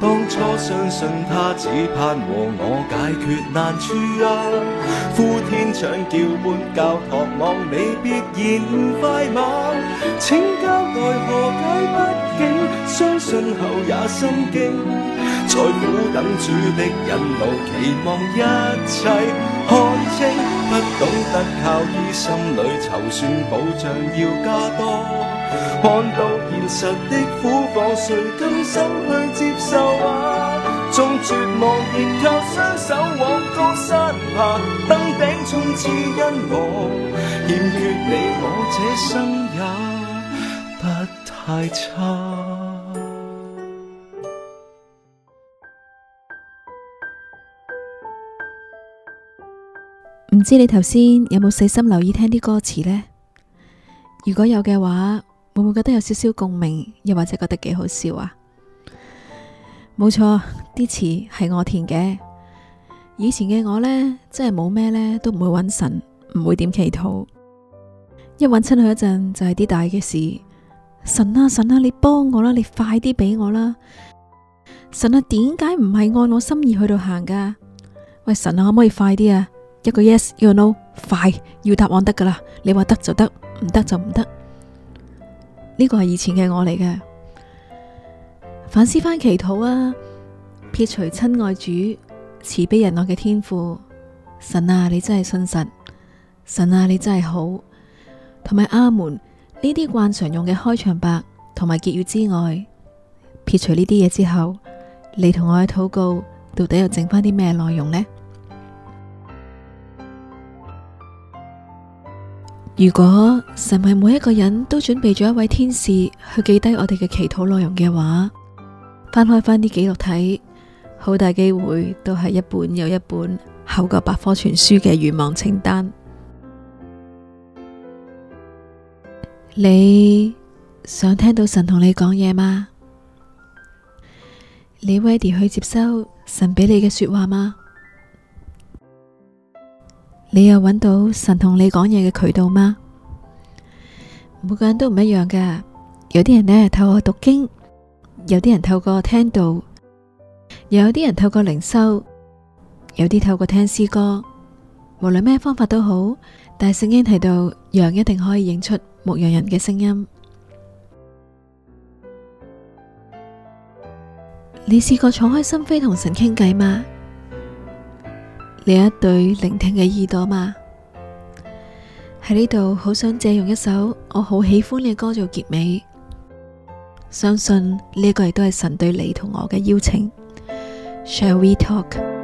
當初相信他，只盼和我解決難處啊！呼天搶叫般教堂望你別嫌快馬。請交代何解？畢竟相信後也心驚，在苦等主的引路，期望一切看清。不懂得靠依心裏籌算，保障要加多。看到現實的苦況，誰甘心去接受啊？縱絕望仍靠雙手往高山爬，登頂從此因我欠缺你，我這生也不太差。唔知你頭先有冇細心留意聽啲歌詞呢？如果有嘅話。會唔會覺得有少少共鳴，又或者覺得幾好笑啊？冇錯，啲詞係我填嘅。以前嘅我呢，真係冇咩呢，都唔會揾神，唔會點祈禱。一揾親去一陣就係、是、啲大嘅事，神啊神啊，你幫我啦，你快啲俾我啦。神啊，點解唔係按我心意去到行噶？喂，神啊，可唔可以快啲啊？一個 yes 一個 no，快，要答案得噶啦。你話得就得，唔得就唔得。呢個係以前嘅我嚟嘅，反思返祈禱啊，撇除親愛主慈悲仁愛嘅天父，神啊你真係信實，神啊你真係好，同埋阿門呢啲慣常用嘅開場白同埋結語之外，撇除呢啲嘢之後，你同我嘅禱告到底又剩翻啲咩內容呢？如果神係每一個人都準備咗一位天使去記低我哋嘅祈禱內容嘅話，翻開翻啲記錄睇，好大機會都係一本又一本厚過百科全書嘅願望清單。你想聽到神同你講嘢嗎？你 ready 去接收神俾你嘅說話嗎？你有搵到神同你講嘢嘅渠道嗎？每個人都唔一樣㗎，有啲人呢透過讀經，有啲人透過聽道，又有啲人透過靈修，有啲透過聽詩歌。無論咩方法都好，但聖經提到羊一定可以認出牧羊人嘅聲音。你試過敞開心扉同神傾偈嗎？你有一對聆聽嘅耳朵嗎？喺呢度好想借用一首我好喜歡嘅歌做結尾，相信呢個亦都係神對你同我嘅邀請。Shall we talk？